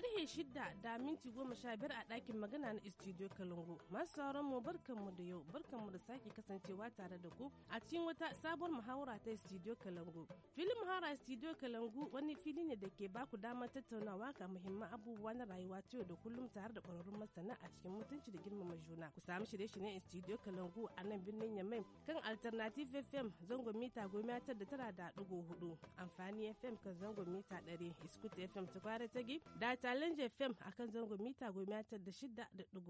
karhe shida da minti goma sha biyar a ɗakin magana na studio kalungu masu sauran mu barkanmu da yau mu da sake kasancewa tare da ku a cikin wata sabon muhawara ta studio kalungu filin muhawara studio kalungu wani fili ne da ke ba baku damar tattaunawa ga muhimman abubuwa na rayuwa ta yau da kullum tare da ƙwararrun masana a cikin mutunci da girmama juna ku samu shirye-shiryen studio kalungu a nan birnin yamai kan alternative fm zango mita goma da tara da ɗigo hudu amfani fm kan zango mita ɗari iskut fm ta kwara ta gi data challenge fm akan zango mita goma da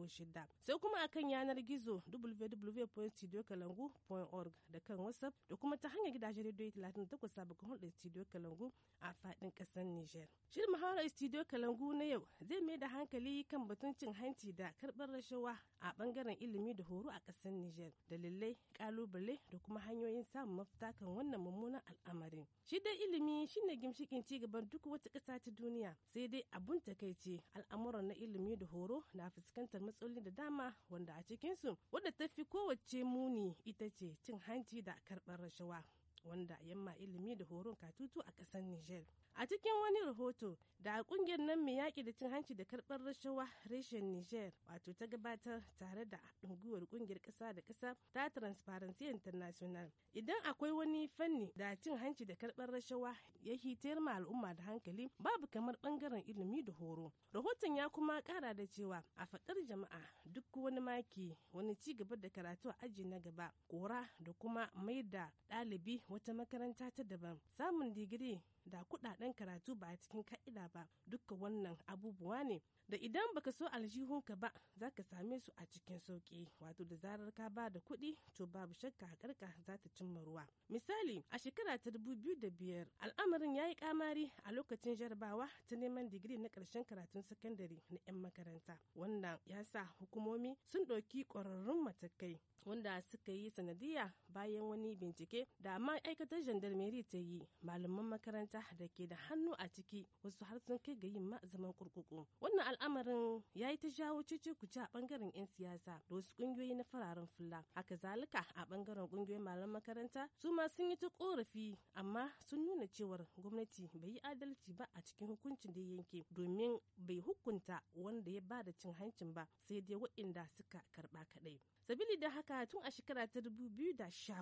shida sai kuma akan yanar gizo www.studiokalangu.org da kan whatsapp da kuma ta hanyar gidajen rediyo 38 sababbin hulɗar studio kalangu a faɗin ƙasar niger shirin muhawarar studio kalangu na yau zai mai da hankali kan batun cin hanci da karɓar rashawa a ɓangaren ilimi da horo a ƙasar niger dalilai ƙalubale da kuma hanyoyin samun mafita kan wannan mummunan al'amarin shi dai ilimi shine gimshikin ci gaban duk wata ƙasa ta duniya sai dai abun abin takaici al'amuran na ilimi da horo na fuskantar matsaloli da dama wanda a cikinsu wadda ta fi kowace muni ita ce cin hanci da karɓar rashawa wanda a yamma ilimi da horon katutu a ƙasar Nijar. A cikin wani rahoto da kungiyar nan mai yaƙi da cin hanci da karɓar rashawa reshen Niger wato ta gabatar tare da unguwar gwiwar kungiyar ƙasa da kasa ta Transparency International. Idan akwai wani fanni da cin hanci da karbar rashawa ya hitar ma al'umma da hankali babu kamar ɓangaren ilimi da horo. Rahoton ya kuma ƙara da cewa a faɗar jama'a duk wani maki wani ci gaba da karatu a aji na gaba kora da kuma mai da ɗalibi wata makaranta ta daban samun digiri da kudaden karatu ba a cikin ka'ida ba dukkan wannan abubuwa ne da idan baka so aljihunka ba za ka same su a cikin sauki wato da zarar ka ba da kuɗi to babu shakka hakarka za ta cimma ruwa misali a shekara ta dubu biyu da biyar al'amarin ya yi kamari a lokacin jarabawa ta neman digiri na ƙarshen karatun sakandare na 'yan makaranta wannan ya sa hukumomi sun ɗauki ƙwararrun matakai wanda suka yi sanadiyya bayan wani bincike da ma'aikatar gendarmerie ta yi malaman makaranta mata da ke da hannu a ciki wasu har sun kai ga yin ma kurkuku wannan al'amarin ya yi ta jawo cece ku a bangaren 'yan siyasa da wasu ƙungiyoyi na fararen fulla haka zalika a bangaren kungiyoyin malaman makaranta su ma sun yi ta korafi amma sun nuna cewa gwamnati bai yi adalci ba a cikin hukuncin da yanke domin bai hukunta wanda ya ba da cin hancin ba sai dai waɗanda suka karɓa kaɗai sabili da haka tun a shekara ta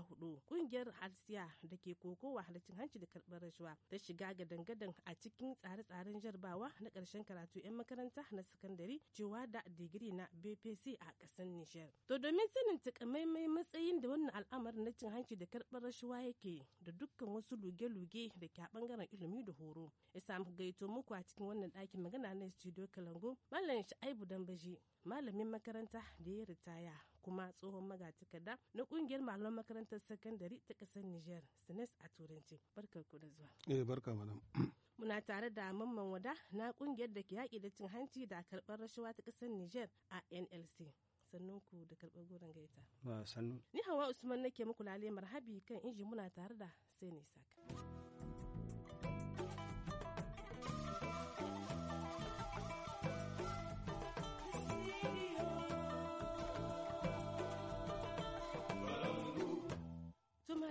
hudu kungiyar harsiya da ke kokowa halittin hanci da karbar rashawa ta shiga ga dangadan a cikin tsare-tsaren jarbawa na karshen karatu 'yan makaranta na sakandare cewa da digiri na bpc a kasar nijar to domin sanin takamaimai matsayin da wannan al'amar na cin hanci da karbar rashawa yake da dukkan wasu luge-luge da ke bangaren ilimi da horo ya samu gaito muku a cikin wannan ɗakin magana na studio kalango malam sha'ibu dambaji malamin makaranta da ya ritaya kuma tsohon magatakarda na kungiyar malaman makarantar sakandare ta kasar Nijar Sines a turanci. ku da zuwa. Eh barka madam. Muna tare da Mamman Wada na kungiyar da ke yaƙi da cin hanci da karɓar rashawa ta kasar Nijar a NLC. sannun ku da karɓar goron gaita. Ba sannu. Ni Hawa Usman nake muku lalemar marhabi kan inji muna tare da sai ne saka.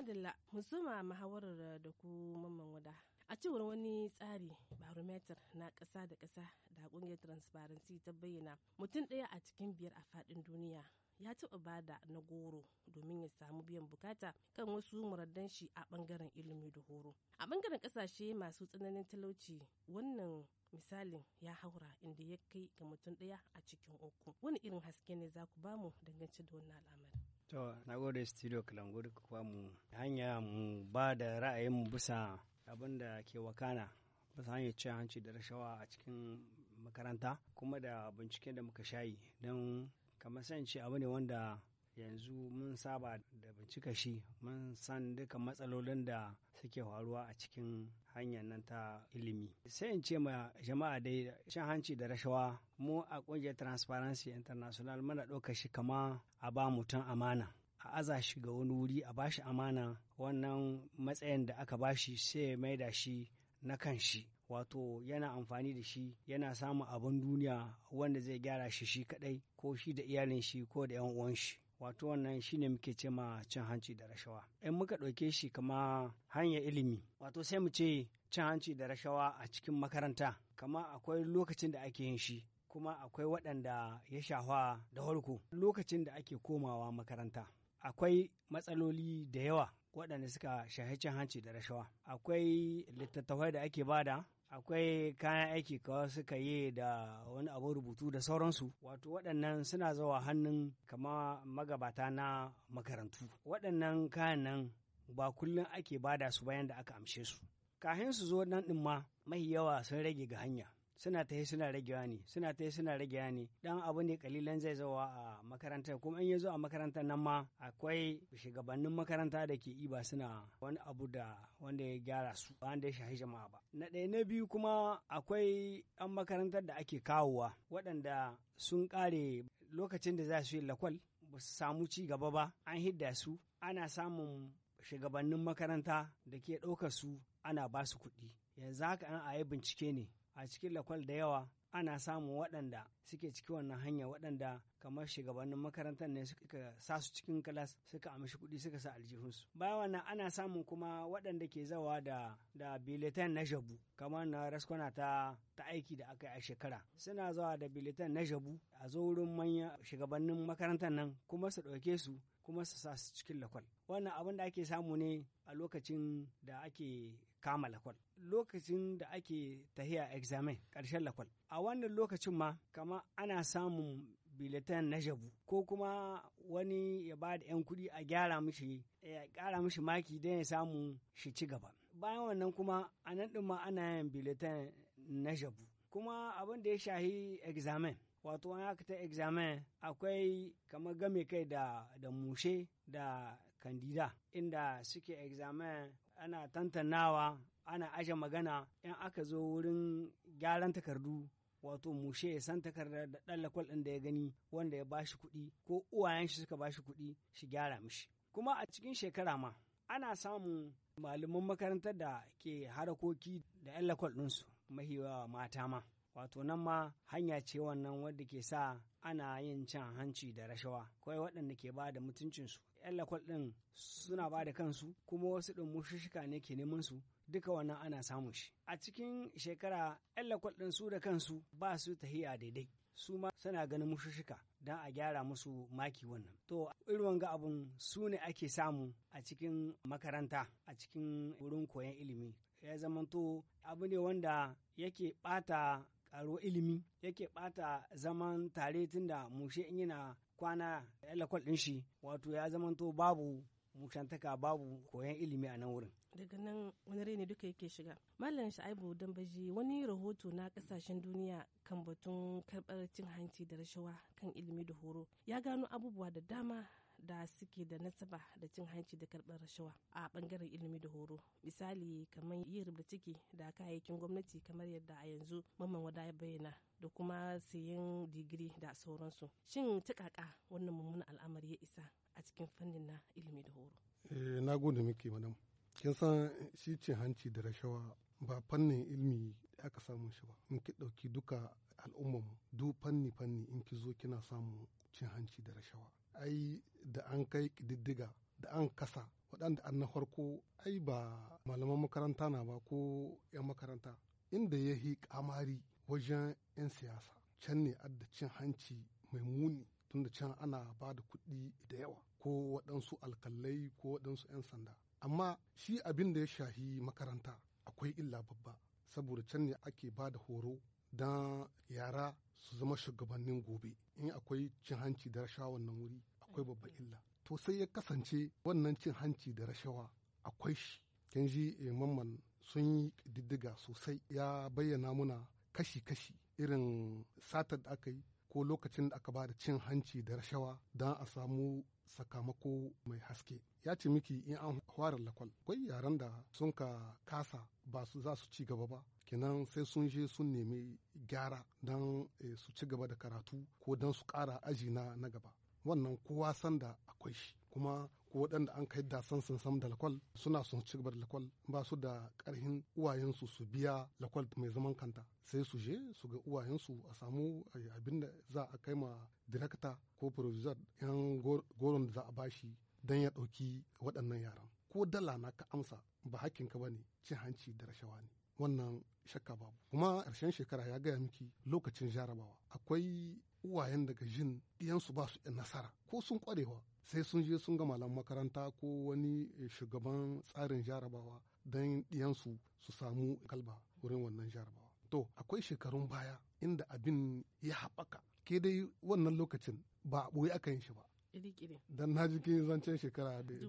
madalla musuma zuma muhawarar da ku mamman wada a cewar wani tsari barometer na ƙasa da ƙasa da ƙungiyar transparency ta bayyana mutum ɗaya a cikin biyar a faɗin duniya ya taɓa bada na goro domin ya samu biyan bukata kan wasu muraddan shi a ɓangaren ilimi da horo a ɓangaren ƙasashe masu tsananin talauci wannan misalin ya haura inda ya kai ga mutum ɗaya a cikin uku wani irin haske ne za ku bamu dangance da wannan al'amari To, na gode studio kalangu duka kuwa mu hanya mu ba da ra'ayinmu bisa abin da ke wakana bisa hanyar cin hanci da rashawa a cikin makaranta kuma da binciken da muka shayi don kamar san ce abu ne wanda yanzu mun saba da bincika shi mun san duka matsalolin da suke faruwa a cikin hanyar nan ta ilimi. Sai in ce ma jama'a dai shan hanci da rashawa mu a ƙungiyar Transparency International muna ɗauka shi kama a ba mutum amana. A aza shi ga wani wuri a bashi amana wannan matsayin da aka bashi sai mai da shi na kan shi. wato yana amfani da shi yana samun abin duniya wanda zai gyara shi shi kadai ko shi da iyalin shi ko da yan uwan shi wato wannan shine muke ce ma cin hanci da rashawa in muka ɗauke shi kama hanyar ilimi wato sai mu ce cin hanci da rashawa a cikin makaranta kama akwai lokacin da ake yin shi kuma akwai waɗanda ya shafa da harko lokacin da ake komawa makaranta akwai matsaloli da yawa waɗanda suka shahi cin hanci da rashawa akwai littattafai da ake bada akwai kayan aiki kawai suka yi da wani abu rubutu da sauransu wato waɗannan suna zawa hannun kama magabata na makarantu waɗannan kayan nan ba kullum ake bada su bayan da aka amshe su kahin su zo nan ɗin ma mahi yawa sun rage ga hanya suna tahi suna rage ne suna tahi suna rage ne dan abu ne kalilan zai zawa a makaranta kuma in ya zo a makaranta nan ma akwai shugabannin makaranta da ke iba suna wani abu da wanda ya gyara su ba wanda ya shahi jama'a ba na ɗaya na biyu kuma akwai an makarantar da ake kawowa waɗanda sun ƙare lokacin da za su yi lakwal ba su samu ci gaba ba an hidda su ana samun shugabannin makaranta da ke ɗaukar su ana ba su kuɗi yanzu haka an a yi bincike ne a cikin lakwal da yawa ana samun waɗanda suke ciki wannan hanya waɗanda kamar shugabannin makarantar ne suka sa su cikin kalas suka amshi kuɗi suka sa aljihunsu bayan wannan ana samun kuma waɗanda ke zawa da da biletan na jabu kamar na raskwana ta ta aiki da aka yi a shekara suna zawa da biletan na jabu a zo wurin manya shugabannin makarantar nan kuma su ɗauke su kuma su sa su cikin lakwal wannan abin da ake samu ne a lokacin da ake kama lakwal lokacin da ake tahiya examen karshen lakwal a wannan lokacin ma kama ana samun biletan na jabu ko kuma wani ya ba da 'yan kuɗi a gyara mishi ya eh, ƙara mishi maki don ya samu shi ci gaba bayan wannan kuma a nan ɗin ma ana yin biletan na jabu kuma abin da ya shahi examen wato an haka ta examen akwai kama game kai da da mushe da kandida inda suke examen ana tantanawa ana aje magana in aka zo wurin gyaran takardu wato mushe ya san takardar da ɗan ɗin da ya gani wanda ya bashi kuɗi ko uwayen shi suka shi kuɗi shi gyara mishi kuma a cikin shekara ma ana samun malaman makarantar da ke harakoki da 'yan lakwal su mahiwa mata ma wato nan ma hanya ce wannan wadda ke sa ana yin cin hanci da rashawa kawai waɗanda ke ba da mutuncinsu 'yan lakwal ɗin suna ba da kansu kuma wasu ɗin mushushika ne ke neman su duka wannan ana samun shi a cikin shekara yan ɗin su da kansu ba su tahiya daidai su ma suna ganin mushushika don a gyara musu maki wannan to irin wanga abun su ne ake samu a cikin makaranta a cikin wurin koyon ilimi ya zamanto abu ne wanda yake ɓata karo ilimi yake ɓata zaman tare tunda mushe in yana kwana lakwal ɗin shi wato ya zamanto babu bushantaka babu koyon ilimi a nan wurin daga nan wani rene ne duka yake shiga malam sha'ibu dambaji wani rahoto na kasashen duniya kan batun karɓar cin hanci da rashawa kan ilimi da horo ya gano abubuwa da dama da suke da nasaba da cin hanci da karɓar rashawa a ɓangaren ilimi da horo misali kamar yi rubda ciki da kayayyakin gwamnati kamar yadda a yanzu mamman wada ya bayyana da kuma sayen digiri da sauransu shin tukaka wannan mummunan al'amari ya isa a cikin fannin na ilimi da horo. Eh, na gode muke madam kin san shi cin hanci da rashawa ba fannin ilimi aka samu shi ba in ki ɗauki duka mu duk fanni fanni in ki zo kina samu cin hanci da rashawa ai da an kai ƙididdiga da an kasa waɗanda an na farko ai ba malaman makaranta na ba ko 'yan makaranta inda ya yi kamari wajen 'yan siyasa can ne adda cin hanci mai muni tun da can ana ba da kuɗi da yawa ko waɗansu alkalai ko waɗansu 'yan sanda amma shi abin da ya shahi makaranta akwai illa babba saboda can ne ake ba da horo don yara su zama shugabannin gobe in akwai cin hanci da rashawa wannan wuri akwai babba illa to sai ya kasance wannan cin hanci da rashawa akwai shi kin ji eh, mamman sun yi diddiga sosai ya bayyana muna kashi-kashi irin satar da aka yi ko lokacin da aka ba da cin hanci da rashawa don a samu sakamako mai haske ya ce miki in an fara lakwal akwai yaran da sun ka kasa ba su za su ci gaba ba kenan sai sun je sun nemi gyara don eh, su ci gaba da karatu ko don su ƙara aji na gaba wannan kowa san da akwai shi kuma ko waɗanda an kai da san sun sam da lakwal suna son ci gaba da lakwal ba su da ƙarhin uwayensu su biya lakwal mai zaman kanta sai su je su ga uwayensu a samu abin da za a kai ma direkta ko provisor yan goron da za a bashi don ya ɗauki waɗannan yaran ko dala na ka amsa ba hakkinka ba ne cin hanci da rashawa ne wannan shakka babu kuma ƙarshen shekara ya gaya miki lokacin jarabawa akwai uwayen daga jin ɗiyansu ba su nasara ko sun kwarewa sai sun je sun ga malam makaranta ko wani eh, shugaban tsarin jarabawa don ɗiyansu su samu kalba wurin wannan jarabawa to akwai shekarun baya inda abin ya haɓaka ke dai wannan lokacin ba a ɓoye aka yin shi ba dan na ji zancen shekara da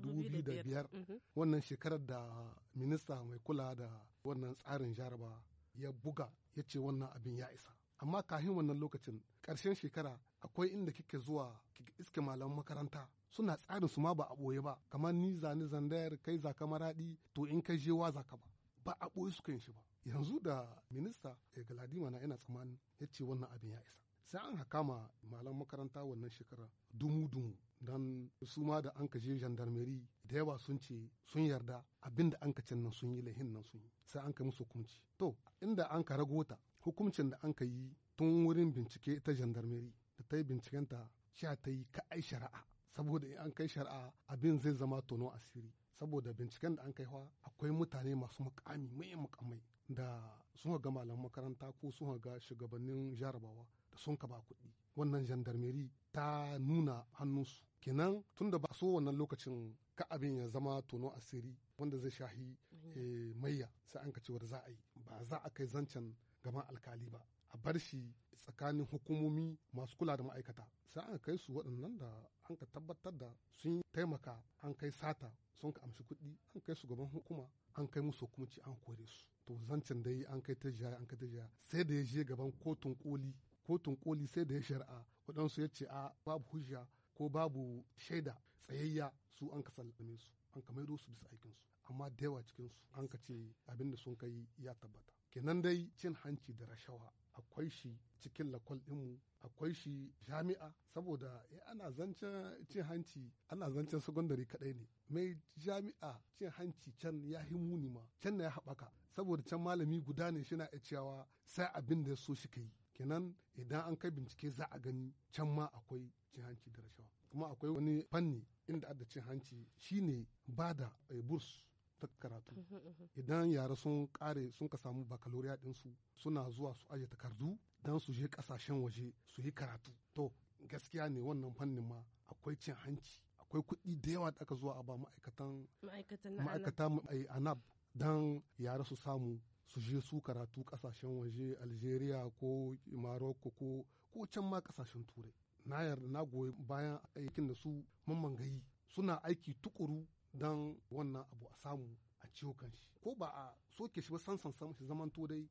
biyar mhm. wannan shekarar da minista mai kula da wannan tsarin jaraba ya buga ya ce wannan abin ya isa amma kahin wannan lokacin ƙarshen shekara akwai inda kike zuwa kike iske malaman makaranta suna tsarin su ma ba a ɓoye ba kamar ni zane zandayar kai zaka maraɗi to in kai je zaka ka ba ba a ɓoye su kan shi ba yanzu da minista eh, galadima na yana tsammanin ya ce wannan abin ya isa sai an hakama malam makaranta wannan shekara dumu-dumu don su ma da an je gendarmerie da yawa sun ce sun yarda abinda an ka nan sun yi lahin nan sun yi sai an ka musu hukunci to inda an ka ragota hukuncin da an ka yi tun wurin bincike ta gendarmerie da ta yi bincikenta sha ta yi ka ai shari'a saboda in an kai shari'a abin zai zama tono asiri saboda binciken da an kai hawa akwai mutane masu mukami mai mukamai da sun ga malaman makaranta ko sun ga shugabannin jarabawa sun ka ba kuɗi wannan gendarmerie ta nuna hannunsu kenan tun da ba so wannan lokacin ka abin ya zama tono asiri wanda zai shahi mayya eh, sai an ka cewar za a yi ba za a kai zancen gama alkali ba a bar shi tsakanin hukumomi masu kula da ma'aikata sai an kai su waɗannan da an ka tabbatar da sun taimaka an kai sata sun ka amshi kuɗi an kai su gaban hukuma an kai musu hukumci an kore su to zancen dai an kai ta jiya an kai ta jiya sai da ya je gaban kotun koli kotun koli sai da ya shari'a waɗansu ya ce a babu hujja ko babu shaida tsayayya su an ka sallame su an ka maido su bisa aikinsu amma da yawa cikinsu an ka ce abin da sun kai ya tabbata kenan dai cin hanci da rashawa akwai shi cikin lakwal ɗinmu akwai shi jami'a saboda ana zancen cin hanci ana zancen sakandare kaɗai ne mai jami'a cin hanci can ya yi muni ma can na ya haɓaka saboda can malami guda ne shi na iya cewa sai abin da ya so shi ka yi kenan idan an kai bincike za a gani can ma akwai cin hanci da rashawa kuma akwai wani fanni inda adda cin hanci shine ba da eh, burs ta karatu idan yara sun kare sun ka samu bakaloriya ɗinsu suna zuwa su aje takardu don su je kasashen waje su yi karatu to gaskiya ne wannan fannin ma akwai cin hanci akwai kuɗi da yawa da aka zuwa a ba ma'aikatan ma'aikata eh, anab don yara su samu su je su karatu kasashen waje algeria ko morocco ko ko can ma kasashen turai na yarda na goyi bayan aikin da su mamman suna aiki tukuru don wannan abu a samu a ciwo kan shi ko ba a soke shi ba san san shi zaman to dai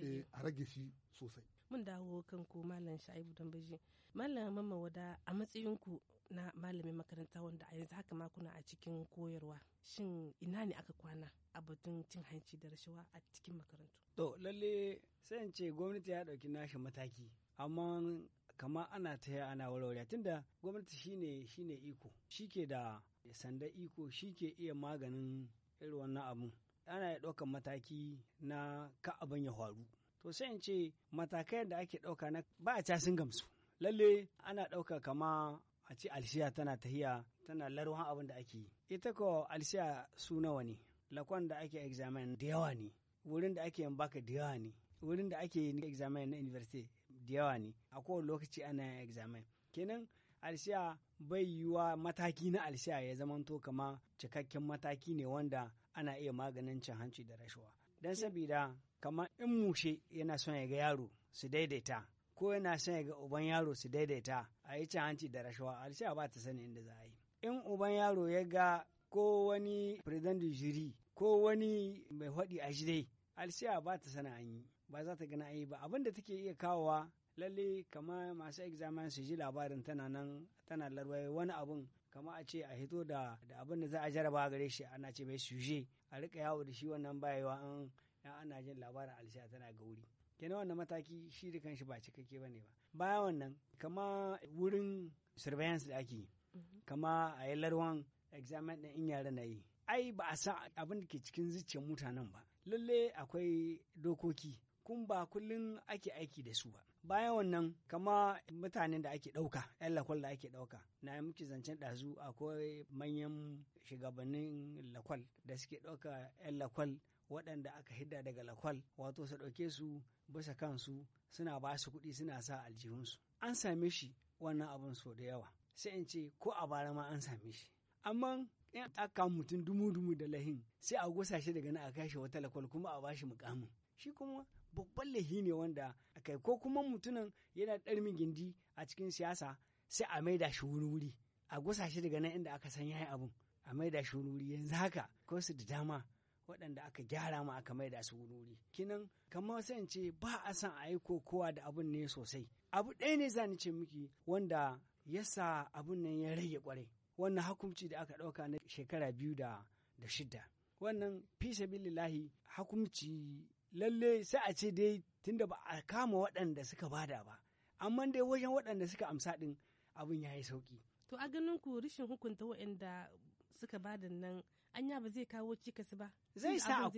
eh, a rage shi sosai mun dawo kan ko malam sha'ibu dambaji malam mamma wada a matsayinku na malamin makaranta wanda a yanzu haka kuna a cikin koyarwa shin ina ne aka kwana a batun cin hanci da rashawa a cikin makarantu to lalle sai in ce gwamnati ya dauki nashi mataki amma kama ana ta ana warware tunda gwamnati shine shine iko shike da sanda iko shike iya maganin irin wannan abun ana ya ɗaukan mataki na ka abin ya faru to sai in ce matakai da ake ɗauka na ba a sun gamsu lalle ana ɗauka kama a ce alshiya tana tahiya tana larwan abin da ake yi ita ko alshiya su nawa ne lakon da ake examen da yawa ne wurin da ake yin baka da yawa ne wurin da ake yin examen na university da yawa ne a kowane lokaci ana yin examen kenan alshiya bai yiwuwa mataki na alshiya ya zamanto kama cikakken mataki ne wanda ana iya maganin cin hanci da rashawa don sabida kama in mushe yana son ya ga yaro su daidaita ko yana son ya ga uban yaro su daidaita a yi cin hanci da rashawa alsha ba ta sani inda za a yi in uban yaro ya ga ko wani president jiri ko wani mai faɗi a shi dai alsha ba ta sani an yi ba za ta gana an yi ba abinda da take iya kawowa lalle kama masu examen su ji labarin tana nan tana larwaye wani abun kama a ce a hito da abin da za a jaraba gare shi ana ce mai suje a rika yawo da shi wannan bayewa an ana jin labarin alsha tana ga wuri. kenan wannan mataki shi da kanshi ba cikakke ba ne ba bayan wannan kama wurin surveillance da ake mhm. kama a yi larwan examen ɗin in yara na yi ai ba a sa abin da ke cikin zuciyar mutanen ba lalle akwai dokoki kun ba kullum ake aiki da su ba bayan wannan kama mutanen da ake ɗauka yan lakwal da ake ɗauka na yi muke zancen ɗazu akwai manyan shugabannin lakwal da suke ɗauka yan lakwal waɗanda aka hidda daga lakwal wato su ɗauke su basa kansu suna ba su kuɗi suna sa aljihunsu an same shi wannan abun so da yawa sai in ce ko a bara ma an same shi amma in aka mutum dumu-dumu da lahin sai a gusa shi daga na a kashe wata lakwal kuma a bashi mukamin shi kuma babban lahi ne wanda a kai ko kuma mutumin yana ɗarmin gindi a cikin siyasa sai a maida shi wuri-wuri a gusa shi daga nan inda aka san yayi abun a da shi wuri yanzu haka ko su da dama waɗanda aka gyara ma aka mai da su wuri kinan kamar sai ce ba a san a yi kokowa da abun ne sosai abu ɗaya ne zani ce miki wanda ya sa abun nan ya rage kwarai wannan hukunci da aka ɗauka na shekara biyu da da shida wannan fi sabilillahi hukunci lalle sai a ce dai tunda ba a kama waɗanda suka bada ba amma dai wajen waɗanda suka amsa ɗin abun ya yi sauƙi. to a ganin ku rashin hukunta waɗanda suka bada nan anya ba zai kawo cikas ba zai sa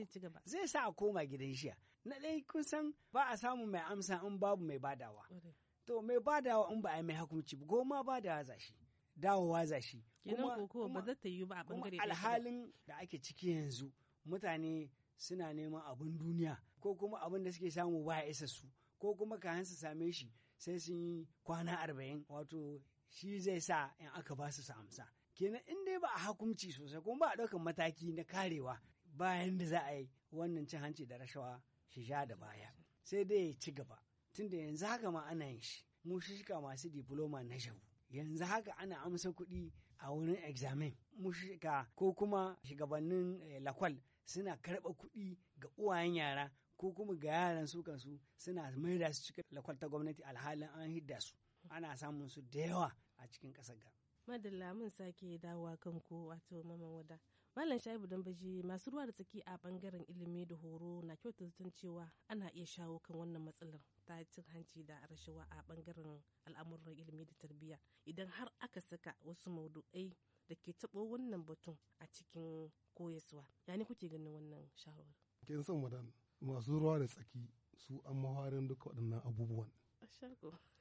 zai sa a koma gidan shiya na dai kun san ba a samu mai amsa in babu mai badawa to mai badawa in ba a yi mai hukunci goma badawa za shi dawowa za shi kenan ko ba za ta yi ba a bangare alhalin da ake ciki yanzu mutane suna neman abin duniya ko kuma abin da suke samu ba ya isa su ko kuma kayan su same shi sai sun yi kwana arba'in wato shi zai sa in aka ba su amsa kenan in dai ba a hakumci sosai kuma ba a ɗaukar mataki na karewa bayan da za a yi wannan cin hanci da rashawa shi sha da baya sai dai ya ci gaba tunda yanzu haka ma ana yin shi mu shika masu diploma na shabu yanzu haka ana amsa kuɗi a wurin examen mu shika ko kuma shugabannin eh, lakwal suna karɓa kuɗi ga uwayen yara ko kuma ga yaran su kansu suna da su cikin lakwal ta gwamnati alhalin an hidda su ana samun su da yawa a cikin ƙasar ga madalla mun sake dawowa kanku wato maman wada malam shaibu dambaji masu ruwa da tsaki a bangaren ilimi da horo na kyautar cewa ana iya shawo kan wannan matsalar ta cin hanci da rashawa a bangaren al'amuran ilimi da tarbiyya idan har aka saka wasu maudu'ai da ke tabo wannan batun a cikin koyaswa ya ne kuke ganin wannan shawarar kin san wadan masu ruwa da tsaki su an duka waɗannan abubuwan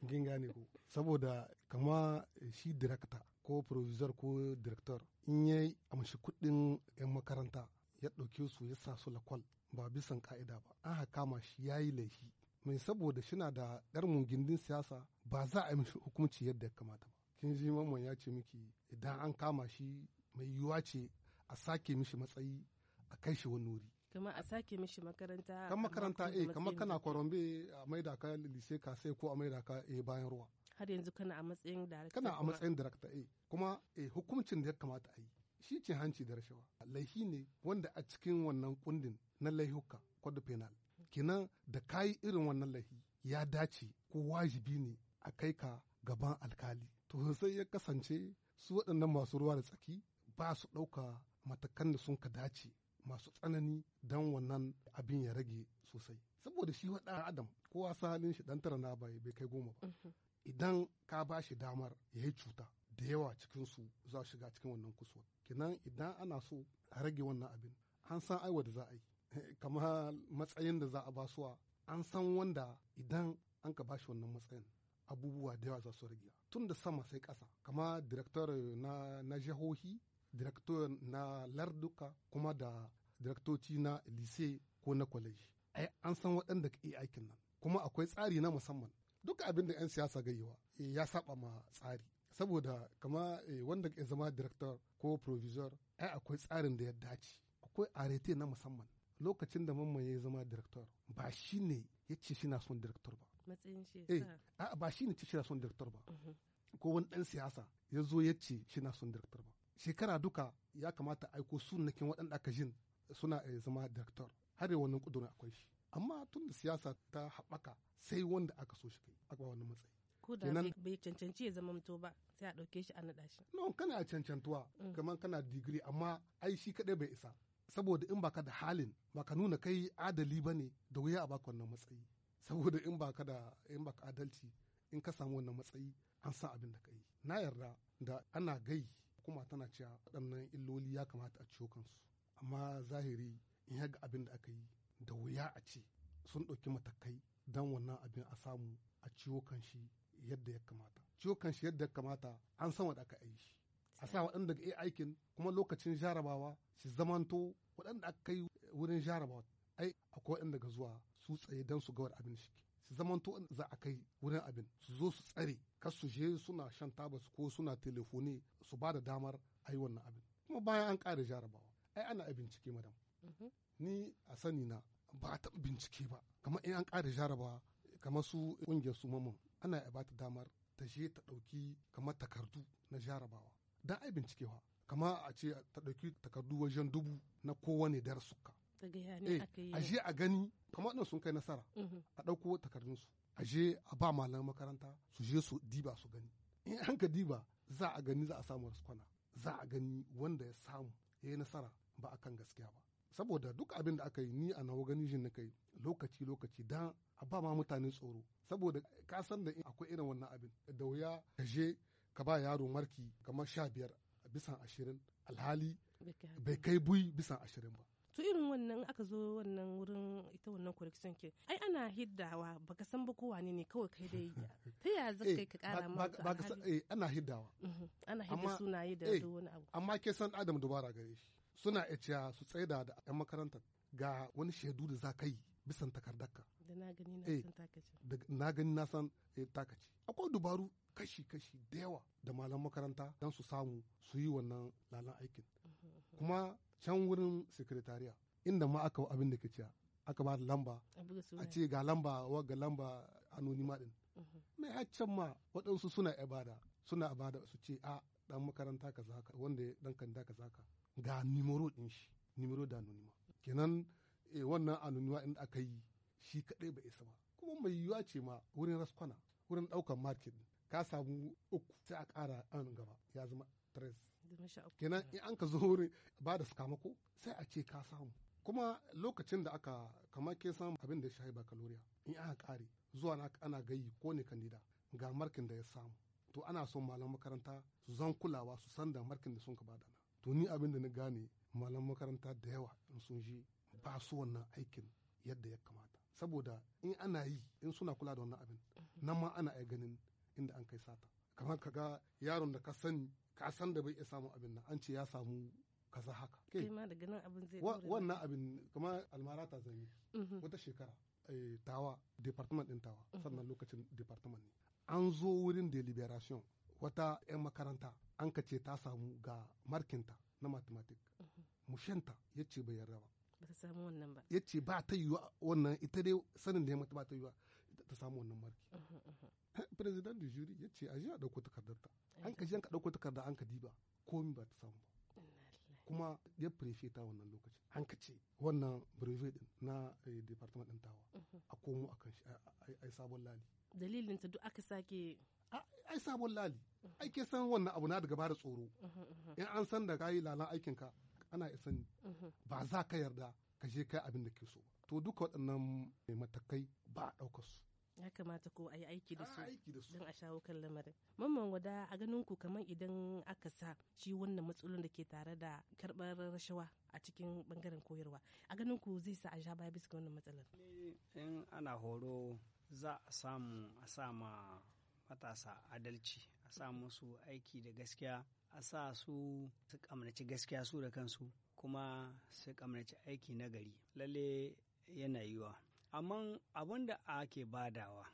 gane ko saboda kama shi director ko provisor ko director in ya amshi kuɗin 'yan makaranta ya ɗauke su ya sa su lakwal ba bisan ka'ida ba an kama shi ya yi laifi mai saboda shina da ɗar mungindin siyasa ba za a mishi hukunci yadda ya kamata ba kin ji mamman ya ce miki idan an kama shi mai yiwuwa ce a sake mishi matsayi a kai shi wani wuri kamar a sake mishi makaranta kan makaranta eh kamar kana kwarambe a maida ka lise ka sai ko a maida ka eh bayan ruwa har yanzu kana a matsayin darakta kana a matsayin darakta eh kuma eh hukuncin da ya kamata a yi shi ce hanci da rashawa laihi ne wanda a cikin wannan kundin na laihuka kwadu penal kenan da kayi irin wannan laihi ya dace ko wajibi ne a kai ka gaban alkali to sai ya kasance su waɗannan masu ruwa da tsaki ba su ɗauka matakan da sun ka dace masu tsanani don wannan abin ya rage sosai saboda shi wa adam kowa halin shi dan tara na bai kai goma ba mhm. idan ka ba shi damar ya yi cuta da yawa cikin su za shiga cikin wannan kusurwa. kinan idan ana so a rage wannan abin an san aiwa da za a yi kamar matsayin da za a ba su an san wanda idan an ka ba shi wannan matsayin abubuwa da yawa za su rage tun da sama sai ƙasa kama direktor na, na jihohi director na larduka kuma da directoci na lise ko na kwaleji ai an san waɗanda ka iya aikin nan kuma akwai tsari na musamman duka abin da 'yan siyasa gaiwa eh, ya saba ma tsari saboda kama eh, wanda ke zama director ko provisor ai akwai tsarin da ya dace akwai arete na musamman lokacin da mamman ya zama director ba shi ne ya ce shi na son director ba matsayin shi eh, ba shi ne ce shi na son director ba mhm. ko wani dan siyasa ya zo ya ce shi na son director ba shekara duka ya kamata aiko sunakin waɗanda aka jin suna eh, zama director har wannan ƙudurin akwai shi amma tun da siyasa ta haɓaka sai wanda aka so shi kai aka ba wannan matsayi ko da bai cancanci ya zama mutu ba sai a ɗauke shi a naɗa shi no kana cancantuwa mm. kamar kana digiri amma ai shi kaɗai bai isa saboda in baka da halin baka nuna kai adali ba ne da wuya a baka wannan matsayi saboda in baka da in baka adalci in ka samu wannan matsayi an san abin da ka yi na yarda da ana gai hukuma tana cewa waɗannan illoli ya kamata a ciyo kansu amma zahiri in ga abin da aka yi da wuya a ce sun ɗauki matakai don wannan abin a samu a ciwo kan yadda ya kamata ciwo kan yadda ya kamata an san wanda aka yi shi a sa waɗanda ga aikin kuma lokacin jarabawa su zamanto waɗanda aka kai wurin jarabawa ai akwai waɗanda ga zuwa su tsaye don su ga wani abin shi su zamanto za a kai wurin abin su zo su tsare kas su je suna shan tabas ko suna telefoni su ba da damar a yi wannan abin kuma bayan an ƙara jarabawa ai ana a bincike madam mm-hmm. ni a sani na ba a taɓa bincike ba kamar in an ƙara jarabawa kamar su ƙungiyar su mamman ana a ba ta damar ta je ta ɗauki kamar takardu na jarabawa dan ai bincikewa kama a ce ta ɗauki takardu wajen dubu na kowane darasuka a eh, je a gani kamar ɗin sun kai nasara mhm. a ɗauko takardunsu a aje a ba malaman makaranta su je su diba su gani in an ka diba za a gani za a samu raskwana za a gani wanda ya samu ya yi nasara ba a kan gaskiya ba saboda duk abin da aka yi ni a nawa gani shin na kai lokaci lokaci dan a ba ma mutane tsoro saboda ka san da akwai irin wannan abin da wuya ka je ka ba yaro marki kamar sha biyar bisan ashirin alhali bai kai bui bisan ashirin ba to irin wannan aka zo wannan wurin ita wannan correction ke ai ana hiddawa baka san ba kowa ne ne kawai kai dai ta ya zaka kai ka kara eh, ma eh, ana hiddawa mhm, ana hidda sunaye da eh, wani abu amma ke san adam dubara gare shi suna iya su tsaida da yan makarantar ga wani shaidu da za ka yi bisan takardarka da na gani na san takaci da na gani na san takaci akwai dubaru kashi-kashi da yawa da malam makaranta don su samu su yi wannan lalan aikin mhm, mhm. kuma can wurin sekretariya inda ma aka abin da ke ciya aka ba da lamba a ce ga lamba wa ga lamba anonima din mhm. mai haccan ma waɗansu suna ibada suna ibada su ce a dan makaranta ka zaka wanda dan kanda ka zaka ga nimero din shi nimero da anonima kenan eh, wannan anonima in aka yi shi kaɗai ba isa ba kuma mai yiwuwa ce ma wurin raskwana wurin ɗaukan market ka samu uku sai a kara an gaba ya zama tres kenan in an ka zo wuri ba da sakamako sai a ce ka samu kuma lokacin da aka kamar ke samu abin da ya shahi bakaloriya in aka kare zuwa ana gayi ko ne kandida ga markin da ya samu to ana son malam makaranta su zan kulawa su san da markin da sun ka bada na to ni abin da na gane malam makaranta da yawa in sun je ba su wannan aikin yadda ya kamata saboda in ana yi in suna kula da wannan abin nan ma ana iya ganin inda an kai sata kamar ka ga yaron da ka sani ka san da bai iya samun abin nan an ce ya samu kasa haka kai ma daga nan abin zai wannan abin kamar almara ta zami mhm. wata shekara eh, tawa department din tawa mhm. sannan lokacin department ne an zo wurin deliberation wata 'yan makaranta an ka ce ta samu ga markinta na mathematic mhm. mushenta ya ce bai yarda ba ba ta samu wannan ba ya ce ba ta yiwa wannan ita dai sanin da ya mata ba ta yiwa ta samu wannan marki eh, president da jury ya ce a a ɗauko takardarta an ka an ka ɗauko takarda an ka diba komi ba ta samu ba kuma ya prefe ta wannan lokacin an ka ce wannan brevet din na eh, department din tawa a komo a kan shi ai sabon lali dalilin ta duk aka sake ai sabon lali ai ke san wannan abu na daga bada tsoro in an san da kayi lalan aikin ka ana isan ba za ka yarda ka je kai abin da ke so ba to duka waɗannan matakai ba a ɗaukar su ya kamata ko a yi aiki da su don a shawo kan lamarin mamman wada a ganin ku kamar idan aka sa shi wannan matsalolin da ke tare da karbar rashawa a cikin bangaren koyarwa a ganin ku zai sa a sha baya bisa wannan matsalar in ana horo za a samu a ma matasa adalci a sa musu aiki da gaskiya a sa su su kamnaci gaskiya su da kansu kuma su kamnaci aiki na gari lalle yana yiwa amma abin da ake badawa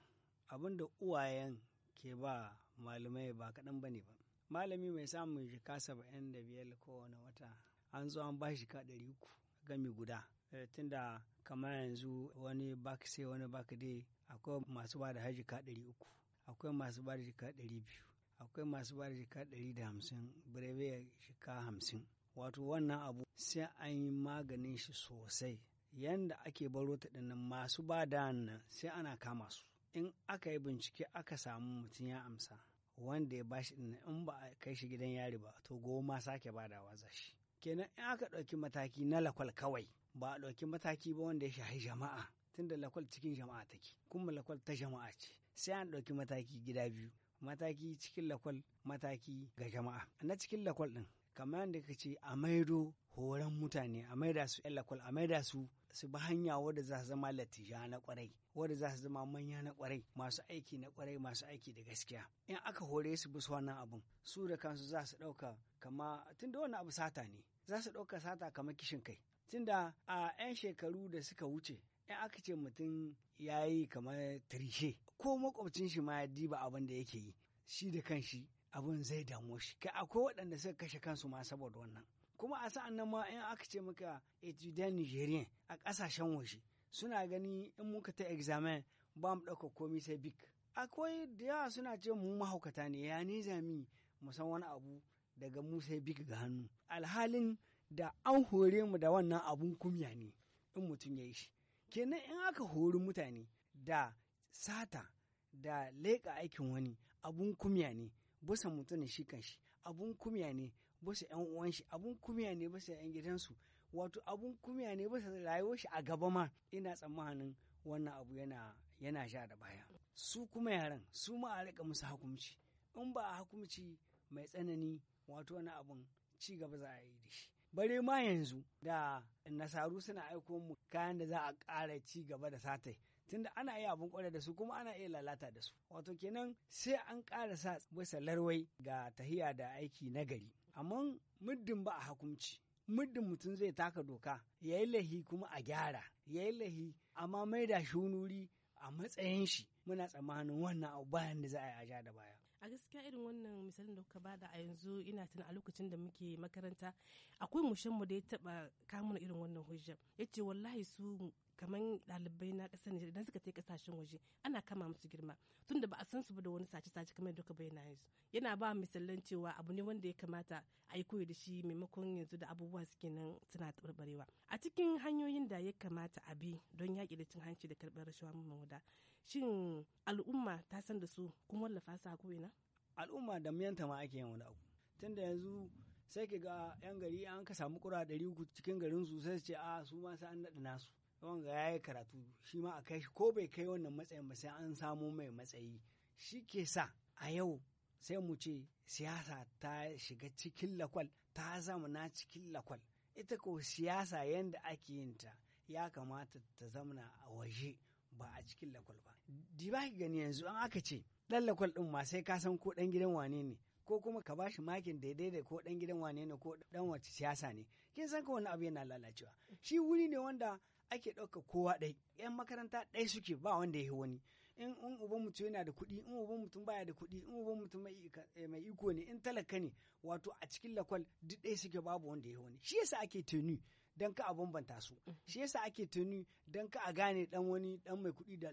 abin da uwayen ke ba malamai ba kaɗan ba ne ba malami mai samun shika saba'in da biyar kowane wata an zo an ba shi ka ɗari uku gami guda eh, tunda kamar yanzu wani baki sai wani baki dai akwai masu ba da haji ka ɗari uku akwai masu ba da jika ɗari biyu akwai masu ba da jika ɗari da hamsin birebe shika hamsin wato wannan abu sai an yi maganin shi sosai yanda ake baro ta dinnan masu ba da nan sai ana kama su in aka yi bincike aka samu mutum ya amsa wanda ya bashi dinnan in ba a kai shi gidan yari ba to goma sake badawa za shi kenan in aka ɗauki mataki na lakwal kawai ba a ɗauki mataki ba wanda ya shahi jama'a tunda lakwal cikin jama'a take kuma lakwal ta jama'a ce sai an ɗauki mataki gida biyu mataki cikin lakwal mataki ga jama'a na cikin lakwal ɗin kamar yadda ka ce a maido horan mutane a maida su lakwal a maida su su bi hanya wadda za su zama latija na kwarai wadda za su zama manya na kwarai masu aiki na kwarai masu aiki da gaskiya in aka hore su bisu wannan abun su da kansu za su ɗauka kama tun da wannan abu sata ne za su ɗauka sata kama kishin kai da a 'yan shekaru da suka wuce in aka ce mutum ya yi kamar tirishe ko makwabcin shi ma ya diba abin da yake yi shi da kanshi abin zai damu shi kai akwai waɗanda suka kashe kansu ma saboda wannan kuma a sa'an nan ma in aka ce maka etudiant nigerian a ƙasashen waje suna gani in muka ta examen ba mu ɗauka komi sai bik akwai da yawa suna ce mu mahaukata ne ya ne zami mu san wani abu daga mu sai bik ga hannu alhalin da an hore mu da wannan abun kumya ne in mutum ya yi shi kenan in aka hori mutane da sata da leƙa aikin wani abun kumya ne busan mutum shi kan shi abun kumya ne basu yan uwan shi abun kumiya ne basu yan gidansu wato abun kumiya ne basu rayuwar shi a gaba ma ina tsammanin wannan abu yana yana sha da baya su kuma yaran su ma a rika musu hukunci in ba a hukunci mai tsanani wato wani abun ci gaba za a yi da shi bare ma yanzu da nasaru suna aiko mu kayan da za a ƙara ci gaba da satai tunda ana iya abun kwarai da su kuma ana iya lalata da su wato kenan sai an ƙara sa bisa larwai ga tahiya da aiki nagari. amma muddin ba a hukunci muddin mutum zai taka doka ya yi lahi kuma a gyara ya yi lahi amma mai da shi a matsayin shi muna tsammanin wannan abu bayan da za a yi aja da baya. A gaskiya irin wannan misalin da kuka bada a yanzu ina tuna a lokacin da muke makaranta akwai mushenmu da ya taba kamuna irin wannan hujja. Ya ce wallahi su kamar dalibai na ƙasar Nijar idan suka tai ƙasashen waje ana kama musu girma tunda ba a san su ba da wani sace-sace kamar yadda kuka bayyana yanzu yana ba misalan cewa abu ne wanda ya kamata a yi koyi da shi maimakon yanzu da abubuwa suke nan suna tabarbarewa a cikin hanyoyin da ya kamata a bi don yaƙi da cin hanci da karɓar rashawa wada shin al'umma ta san da su kuma wallafa su a ko'ina. al'umma da miyanta ma ake yin wani abu tunda yanzu sai ka ga yan gari an ka samu kura ɗari uku cikin garin su sai su ce a su ma sai an naɗa nasu wanga ya yi karatu shi ma a kai shi ko bai kai wannan matsayin ba sai an samo mai matsayi shi ke sa a yau sai mu ce siyasa ta shiga cikin lakwal ta zamana cikin lakwal ita ko siyasa yadda ake yin ta ya kamata ta zamana a waje ba a cikin lakwal ba di ba gani yanzu an aka ce dan lakwal din ma sai ka san ko dan gidan wane ne ko kuma ka bashi makin daidai da ko dan gidan wane ne ko dan wace siyasa ne kin san ka wani abu yana lalacewa shi wuri ne wanda ake ɗauka kowa ɗai yan makaranta ɗai suke ba wanda ya wani in in uban mutum yana da kuɗi in uban mutum baya da kuɗi in uban mutum mai eh, iko ne in talaka ne wato a cikin lakwal duk ɗai suke babu wanda ya wani shi yasa ake tuni dan ka a bambanta su shi yasa ake tuni dan ka a gane dan wani dan mai kuɗi da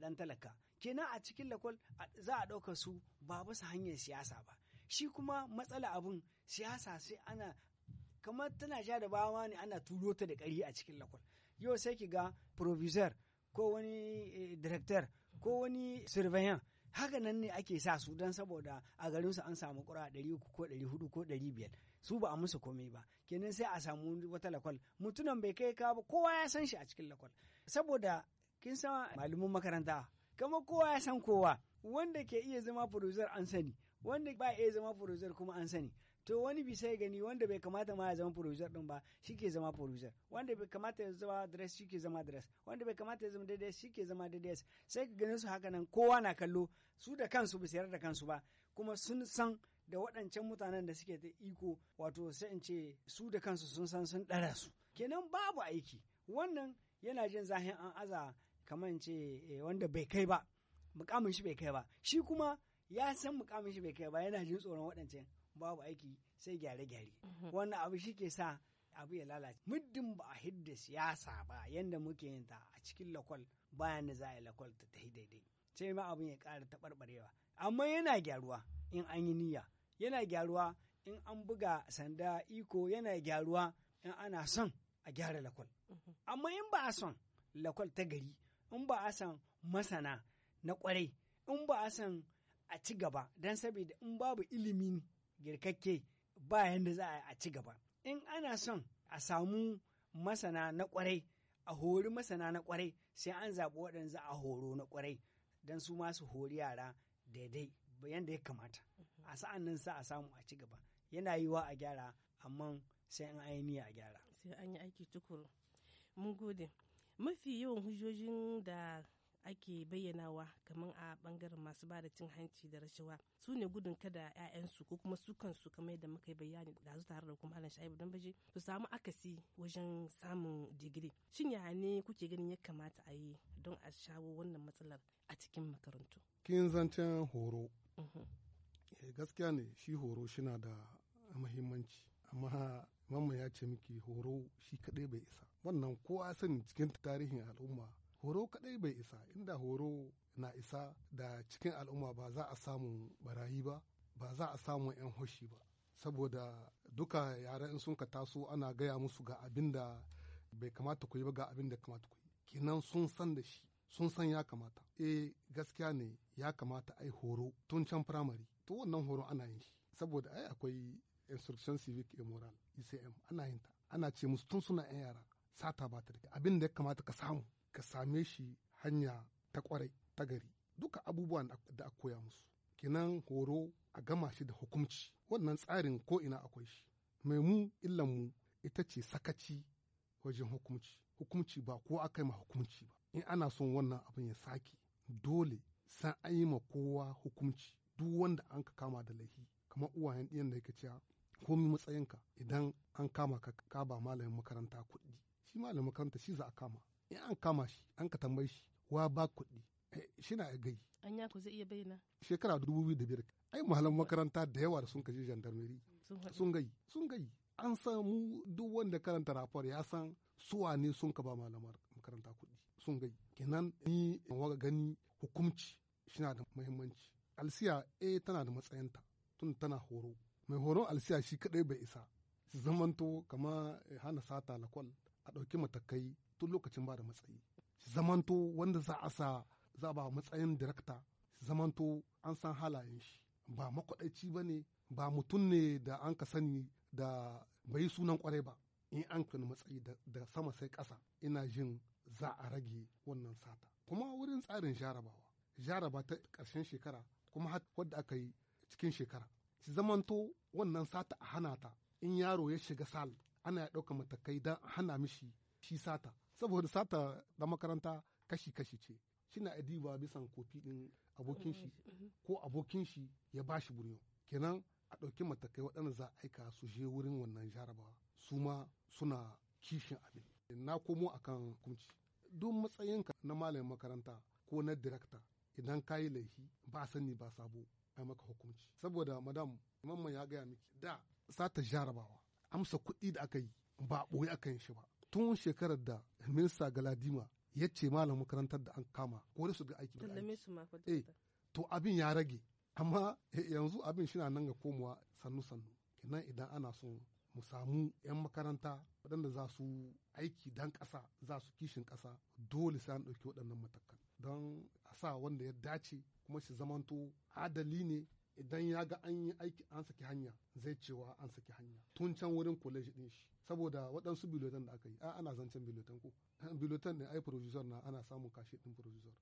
dan talaka kenan a cikin lakwal za a ɗauka su ba bisa hanyar siyasa ba shi kuma matsala abun siyasa sai ana kamar tana sha da bawa ne ana turo ta da ƙari a cikin lakwal yau sai ki ga provisor ko wani eh, director ko wani surveillant haka nan ne ake sa su don saboda a garin su an samu kura ɗari uku ko ɗari ko ɗari biyar su ba a musu komai ba kenan sai a samu wata lakwal mutunan bai kai ka ba kowa ya san shi a cikin lakwal saboda kin san malamin makaranta kama kowa ya san kowa wanda ke iya zama producer an sani wanda ba iya zama producer kuma an sani to wani bisa gani wanda bai kamata ma ya zama producer din ba shi ke zama producer wanda bai kamata ya zama dress shi ke zama dress wanda bai kamata ya zama daidai shi ke zama daidai sai ka gane su haka nan kowa na kallo su da kansu ba da kansu ba kuma sun san da waɗancan mutanen da suke ta iko wato sai in ce su da kansu sun san sun ɗara su kenan babu aiki wannan yana jin zahin an aza kamar ce eh, wanda bai kai ba mukamin shi bai kai ba shi kuma ya san mukamin shi bai kai ba yana jin tsoron waɗancan babu aiki sai gyare-gyare mhm. wannan abu shi ke sa abu ya lalace muddin ba a hidda siyasa ba yadda muke yin ta a cikin lakwal bayan da za a yi lakwal ta ta daidai sai ma abin ya ƙara taɓarɓarewa amma yana gyaruwa in an yi niyya yana gyaruwa in an buga sanda iko yana gyaruwa in ana son a gyara lakwal mhm. amma in ba a son lakwal ta gari in ba a son masana na kwarai in ba a san a ci gaba don saboda in babu ilimi girkakke ba yadda za a ci gaba in ana son a samu masana na kwarai a hori masana na kwarai sai an zaɓi waɗanda a horo na kwarai don su masu hori yara daidai yadda ya kamata a sa'an nan sa a samu a ci gaba yana yiwa a gyara amma sai an ainihi a gyara sai gode mafi yawan hujjojin da ake bayyanawa kamar a bangaren masu ba da cin hanci da rashawa su ne gudun kada 'ya'yansu ko kuma su kansu kamar yadda muka yi bayani da su tare da kuma halin sha'ibu don baje su samu akasi wajen samun digiri shin yaya ne kuke ganin ya kamata a yi don a shawo wannan matsalar a cikin makarantu kin zancen horo eh, gaskiya ne shi horo shina da muhimmanci amma mamma ya ce miki horo shi kadai bai isa wannan kowa sani cikin tarihin al'umma horo kadai bai isa inda horo na isa da cikin al'umma ba za a samu barayi ba ba za a samu 'yan hoshi ba saboda duka yara in sun ka taso ana gaya musu ga abin da bai kamata ku yi ba ga abin da kamata ku yi kinan sun san da shi sun san ya kamata eh gaskiya ne ya kamata ai horo tun can firamare to wannan horo ana yin shi saboda ai akwai instruction civic and moral ecm ana yin ta ana ce musu tun suna yan yara sata ba ta da abin da ya kamata ka samu ka same shi hanya ta kwarai ta gari duka abubuwan da a koya musu kenan horo a gama shi da hukumci wannan tsarin ko ina akwai shi mai mu illan mu ita ce sakaci wajen hukumci hukumci ba ko aka yi ma hukunci ba in ana son wannan abin ya sake dole san an yi ma kowa hukumci duk wanda an ka kama da laifi kamar uwayen ɗiyan da yake cewa komi matsayinka idan an kama ka ka ba malamin makaranta kuɗi shi malamin makaranta shi za a kama in an kama shi an ka tambayi shi wa ba kuɗi eh, shi na gai an ya ku zai iya bayyana shekara dubu biyu da biyar ai mahalan makaranta da yawa da sun kaji jandarmeri sun gai sun gai an samu duk wanda karanta rafar ya san suwa ne sun ka ba malamar makaranta kuɗi sun gai kenan ni waga gani hukumci shi na da muhimmanci alsiya eh tana da matsayinta tun tana horo mai horon alsiya shi kadai bai isa su zamanto kama eh, hana sata lakwal a ɗauki matakai tun lokacin ba da matsayi zamanto wanda za a sa za ba matsayin direkta zamanto an san halayen shi ba makwaɗaici ba ne ba mutum ne da an ka sani da bai sunan kwarai ba in an kan matsayi da sama sai ƙasa ina jin za a rage wannan sata kuma wurin tsarin jarabawa jaraba ta ƙarshen shekara kuma wadda aka yi cikin shekara su zamanto wannan sata a hana ta in yaro ya shiga sal ana ya ɗauka matakai don hana mishi shi sata saboda sata da makaranta kashi-kashi ce shina adiba bisan kofi ɗin abokin shi ko abokin shi ya bashi buriyo kenan a ɗauki matakai waɗanda za aika su je wurin wannan jarabawa su ma suna kishin abin na komo akan hukunci duk matsayinka na malamin makaranta ko na direkta idan ka yi laifi ba sani ba sabo a maka hukunci saboda madam mamman ya gaya miki da sata jarabawa amsa kuɗi da aka yi ba ɓoye yin shi ba tun shekarar da minista galadima ya ce malam makarantar da an kama da su ga aiki da eh to abin ya rage amma eh, yanzu abin shi nan ga komowa sannu sannu kenan idan ana son mu samu 'yan makaranta waɗanda za su aiki dan ƙasa za su kishin ƙasa dole sai an ɗauki waɗannan matakan don a sa wanda ya dace kuma shi zamanto adali ne idan ya ga an yi aiki an saki hanya zai cewa an saki hanya tun can wurin kwaleji din shi saboda waɗansu biloton da aka yi a ana zancen biloton ko biloton ne ai producer na ana samun kashe din producer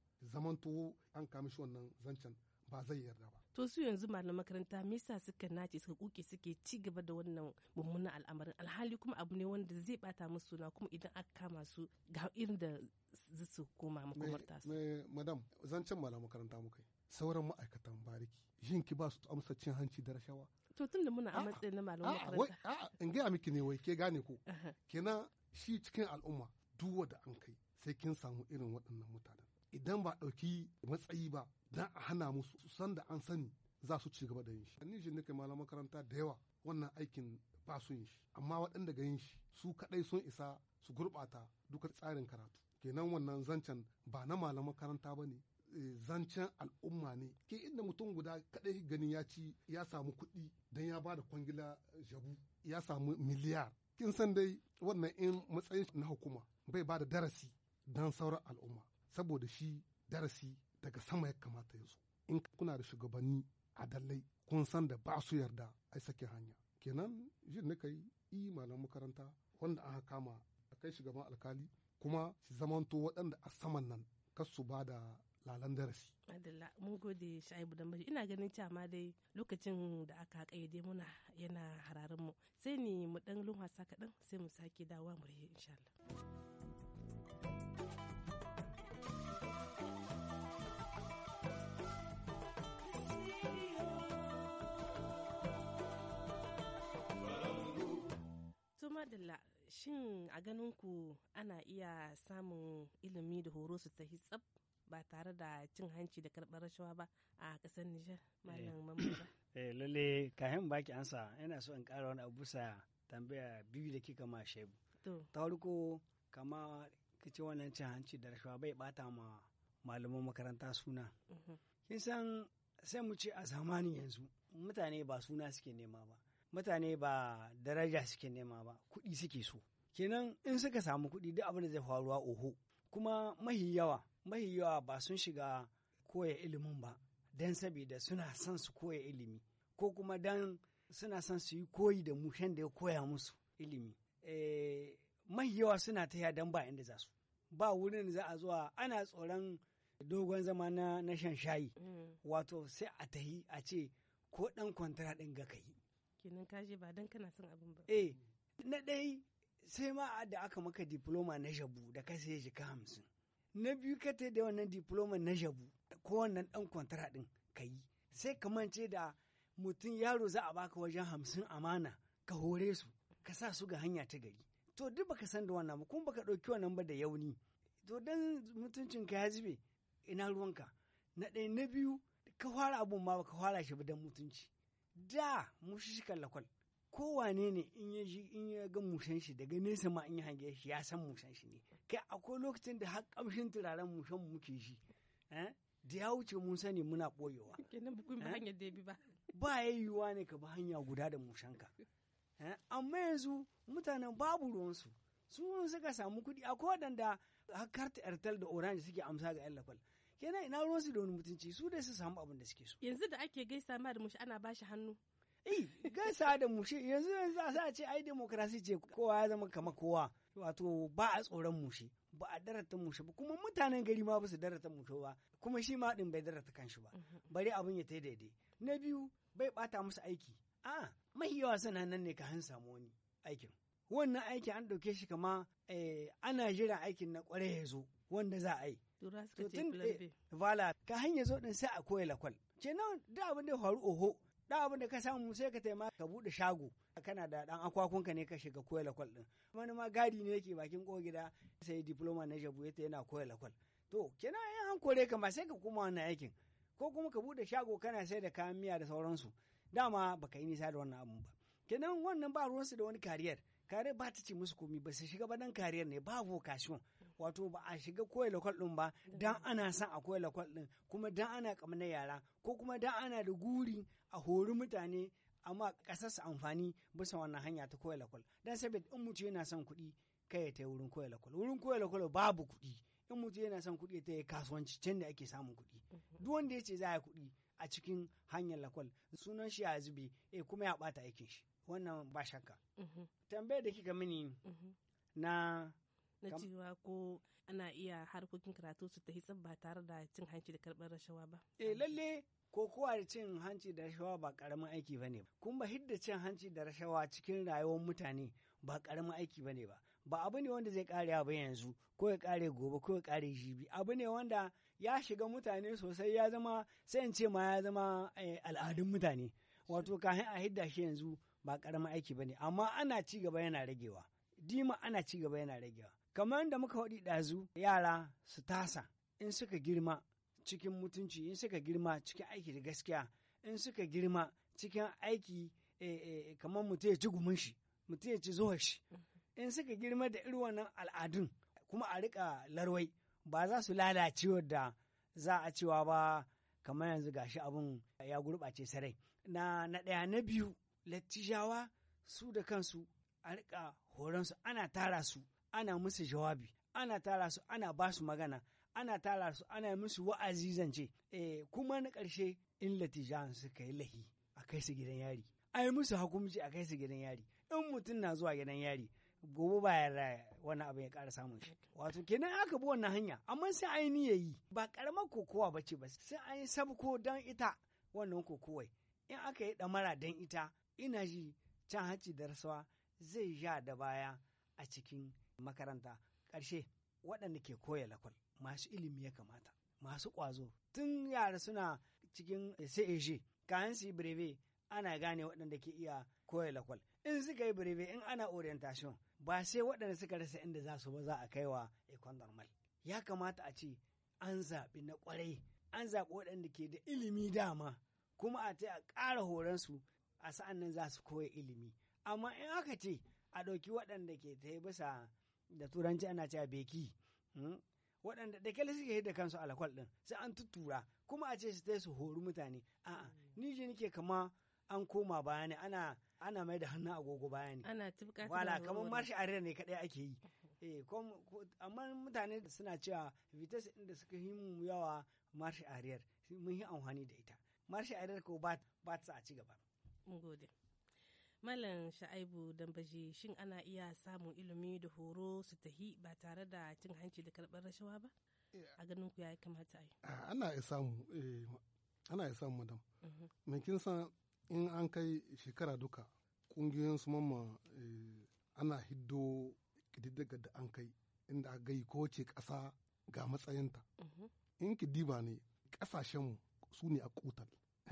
to an kama shi wannan zancen ba zai yarda ba. To su yanzu malaman makaranta me yasa suka nace suka kuke suke ci gaba da wannan mummunan al'amarin alhali kuma abu ne wanda zai bata musu suna kuma idan aka kama su ga irin da su koma makomarta su. Me madam zancen malaman makaranta muka yi. sauran ma'aikatan bariki shin ki ba su amsa cin hanci da rashawa to tun da muna a matsayin na malamin makaranta a'a in gaya miki ne wai ke gane ko kenan shi cikin al'umma duk da an kai sai kin samu irin waɗannan mutanen idan ba ɗauki matsayi ba dan a hana musu san da an sani za su ci gaba da yin shi ni shi nake malam makaranta da yawa wannan aikin ba su yin shi amma waɗanda ga yin shi su kaɗai sun isa su gurɓata duka tsarin karatu kenan wannan zancen ba na malam makaranta ba ne Eh, zancen al'umma ne ke inda mutum guda kadai ganin ya ci ya samu kuɗi don ya ba da kwangila jabu ya samu miliyar kin san dai wannan in matsayin na hukuma bai ba da darasi don sauran al'umma saboda shi darasi daga sama ya kamata ya zo in kuna da shugabanni a adalai kun san da ba su yarda ai sake hanya kenan jin na kai i malam makaranta wanda aka kama a kai shugaban alkali kuma su zamanto waɗanda a saman nan kar su ba da lalan darasi. Adalla mun gode Shaibu dan ina ganin cama dai lokacin da aka kayyade muna yana hararin mu sai ni mu dan lumhasa kaɗan sai mu sake dawa mu rahe insha Allah. madalla shin a ganin ku ana iya samun ilimi da horo su tafi tsab ba tare da cin hanci da karɓar rashawa ba a ƙasar Nijar eh. malam mamman eh lalle kayan baki ansa yana so in ƙara wani abu sa tambaya biyu da kika ma shebu ta farko kama kace wannan cin hanci da rashawa bai bata ma malaman makaranta suna mhm. kin san sai mu ce a zamanin yanzu mutane ba suna suke nema ba mutane ba daraja suke nema ba kuɗi suke so kenan in suka samu kuɗi duk abin da zai faruwa oho kuma mahi yawa mahi yawa ba sun shiga koya ilimin ba don sabida suna son su koya ilimi ko kuma don suna son su yi koyi da mu da ya koya musu ilimi e, mahi yawa suna ta don ba inda za su ba wurin za a zuwa ana tsoron dogon zama na, na shan shayi mm. wato sai a tahi a ce ko ɗan kwantara ɗin ga ka yi eh na sai ma da aka maka diploma na jabu da ka sai jika hamsin na biyu ka da wannan diploma na jabu ko wannan dan kwantara din ka yi sai ka mance da mutum yaro za a baka wajen hamsin amana ka hore su ka sa su ga hanya ta gari to duk baka san da wannan ba kuma baka ɗauki wannan ba da yauni to dan mutuncin ya zube ina ruwanka na ɗaya na biyu ka fara abun ma ka fara shi ba dan mutunci da mu shi lakwal kowane ne in ya ga mushen shi daga nesa ma in ya hange shi ya san mushen shi ne kai akwai lokacin da har kamshin turaren mushen muke shi eh? da ya wuce mun sani muna boyewa ba eh? ya yiwuwa ne ka ba hanya guda da ka eh? amma yanzu mutanen babu ruwansu su suka samu kuɗi akwai waɗanda har karta ertel da orange suke amsa ga yan lafal kenan ina ruwansu da wani mutunci su dai su samu abin da suke so yanzu da ake gaisa ma da mushi ana bashi hannu eh gaisa da mu shi yanzu yanzu a sa ce ai demokrasi ce kowa ya zama kama kowa wato ba a tsoron mu ba a darata mu ba kuma mutanen gari ma ba su darata mu ba kuma shi ma din bai darata kanshi ba mm-hmm. bari abin ya ta daidai na biyu bai bata musu aiki a mahi yawa suna nan ne ka han samu wani aikin wannan aiki an ɗauke shi kama eh, ana jiran aikin na kware ya zo wanda za a yi to tun eh, vala ka hanya zo din sai a koya lakwal kenan da abin da ya faru oho Da abin da ka samu sai ka taima ka buɗe shago kana da ɗan akwakunka ne ka shiga koya lakwal ɗin wani ma gadi ne yake bakin gida sai diploma na jabu ta yana koya lakwal to kina yin hankore ka ma sai ka koma wannan aikin ko kuma ka buɗe shago kana sai da kayan miya da sauransu dama baka yi nisa da wannan abun ba kenan wannan ba ruwansu da wani kariyar kariyar ba ta ce musu komi ba su shiga ba dan kariyar ne ba vocation wato ba a shiga koya lakwal ɗin ba dan ana son a koyi lakwal ɗin kuma dan ana kamar yara ko kuma dan ana da guri a hori mutane amma ƙasarsa amfani bisa wannan hanya ta koyi lakwal dan saboda in mutum yana son kuɗi kai ya tai wurin koyi lakwal wurin koyi lakwal babu kuɗi in mutum yana son kuɗi ta yi kasuwanci can da ake samun kuɗi mhm. duk wanda ya ce za a yi kuɗi a cikin hanyar lakwal sunan shi ya zube eh kuma ya ɓata aikin shi wannan ba shakka mhm. tambayar da kika mini mhm. na na cewa ko ana iya harkokin karatu su ta tsab ba tare da cin hanci da karɓar rashawa ba. Eh lalle ko kowa da cin hanci da rashawa ba ƙaramin aiki ba ne ba. Kun ba hidda cin hanci da rashawa cikin rayuwar mutane ba ƙaramin aiki ba ne ba. Ba abu ne wanda zai ƙare ba yanzu ko ya ƙare gobe ko ya ƙare jibi. Abu ne wanda ya shiga mutane sosai ya zama sai in ce ma ya zama eh, al'adun mutane. Wato kafin a hidda shi yanzu ba ƙaramin aiki ba ne amma ana ci gaba yana ragewa. Dima ana ci gaba yana ragewa. kamar da muka waɗi ɗazu yara su tasa in suka girma cikin mutunci in suka girma cikin aiki da gaskiya in suka girma cikin aiki eh, eh, kamar mutum ya ci gumin shi mutum ya ci zuwa shi in suka girma da irin wannan al'adun kuma a rika larwai ba za su lalace da za a cewa ba kamar yanzu ga shi abin ya gurɓace sarai na na ɗaya na biyu lattijawa su da kansu a rika horonsu ana tara su ana musu jawabi ana tara su ana ba su magana ana tara su ana musu wa'azi zance e kuma na ƙarshe in latijan suka yi lahi a kai su gidan yari a yi musu hukunci a kai su gidan yari in mutum na zuwa gidan yari gobe ba ya wani abu ya ƙara samun shi wato kenan aka bi wannan hanya amma sai a yi niyayi ba ƙaramar kokowa ba ce ba sai a yi sabko don ita wannan kokowai in aka yi ɗamara dan ita ina ji can haci da rasuwa zai ja da baya a cikin makaranta ƙarshe waɗanda ke koya lakwal masu ilimi ya kamata masu ƙwazo tun yara suna cikin CAG kayan su breve ana gane waɗanda ke iya koya lakwal in suka yi breve in ana orientation ba sai waɗanda suka rasa inda za su ba za a kaiwa ikon normal ya kamata a ce an zaɓi na ƙwarai an zaɓi waɗanda ke da ilimi dama kuma a ta a ƙara horonsu a sa'an nan za su koya ilimi amma in aka ce a ɗauki waɗanda ke ta bisa da turanci ana cewa beki hmm? waɗanda da kyale suke da kansu alakwal ɗin sai an tuttura kuma a ce su su hori mutane a'a ni je nike kama an koma bayani ana ana mai da hannu agogo bayani ana tubka wala kamar marshi arena ne kadai ake yi eh amma mutane suna cewa vitesse inda suka yi mu yawa marshi arena mun yi amfani da ita marshi arena ko ba ta a ci gaba Malam Sha'aibu Dambaji shin ana iya samun ilimi da horo su tahi ba tare da cin hanci da karɓar rashawa ba? Eh, a ganin ku ya kamata a yi. Ana iya samu, eh, ana iya samu madam. Mhm. Mai kin san in an kai shekara duka ƙungiyoyin su mamma eh, ana hiddo kididdiga da an kai inda a gai kowace kasa ga matsayinta. Mhm. In kidiba ne ƙasashenmu su ne a ƙutal.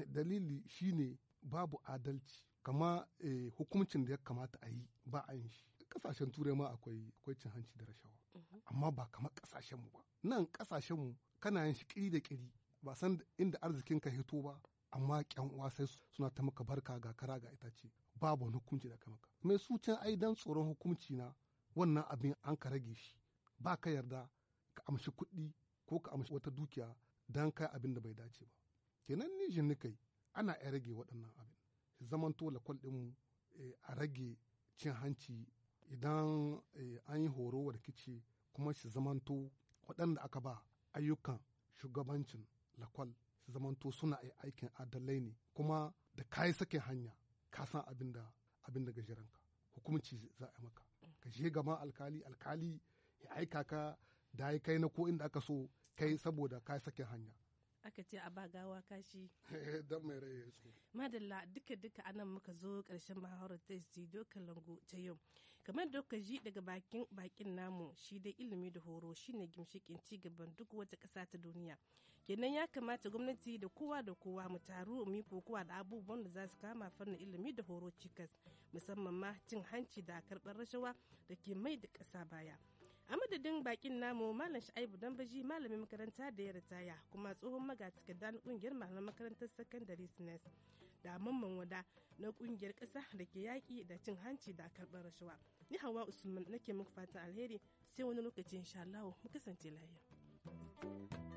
Dalili shine babu adalci kama eh, hukumcin da ya kamata a yi ba a yin shi kasashen turai ma akwai akwai cin hanci da rashawa mhm. amma ba kamar kasashen mu ba nan kasashen mu kana yin shi kiri da kiri ba san inda arzikin ka hito ba amma kyan uwa sai suna ta maka barka ga kara ga ce, babu wani hukunci da kama mai su can ai dan tsoron hukunci na wannan abin an ka rage shi ba ka yarda ka amshi kuɗi ko ka amshi wata dukiya dan kai abin da bai dace ba kenan ni jin ni kai ana iya rage waɗannan abin zamanto lakwal ɗin eh, a rage cin hanci idan eh, an yi horo wa rikici kuma shi zamanto waɗanda aka ba ayyukan shugabancin lakwal su zamanto suna aikin adalai ne kuma da ka yi sake hanya ka san abin da abin da hukumci za a maka ka je gaban alkali alkali ya aika ka da ya kai na ko inda aka so kai saboda ka sake hanya aka ce a ba gawa kashi eh, Don mai rai su madalla duka duka anan muka zo karshen muhawarar ta studio kalango ta yau kamar da ji daga bakin bakin namu shi dai ilimi da horo shine gimshikin ci gaban duk wata ƙasa ta duniya kenan ya kamata gwamnati da kowa da kowa mu taru mu yi kokowa da abubuwan da za su kama fannin ilimi da horo cikas musamman ma cin hanci da karɓar rashawa da ke mai da ƙasa baya a madadin bakin namu malam sha'ibu dambaji malamin makaranta da ya ritaya kuma tsohon magatakardar na kungiyar malaman makarantar sakandare sinas e da mamman wada na kungiyar ƙasa da ke yaƙi da cin hanci da karɓar rashawa ni hawa usman nake muku fata alheri sai wani lokaci insha Allah mu kasance lafiya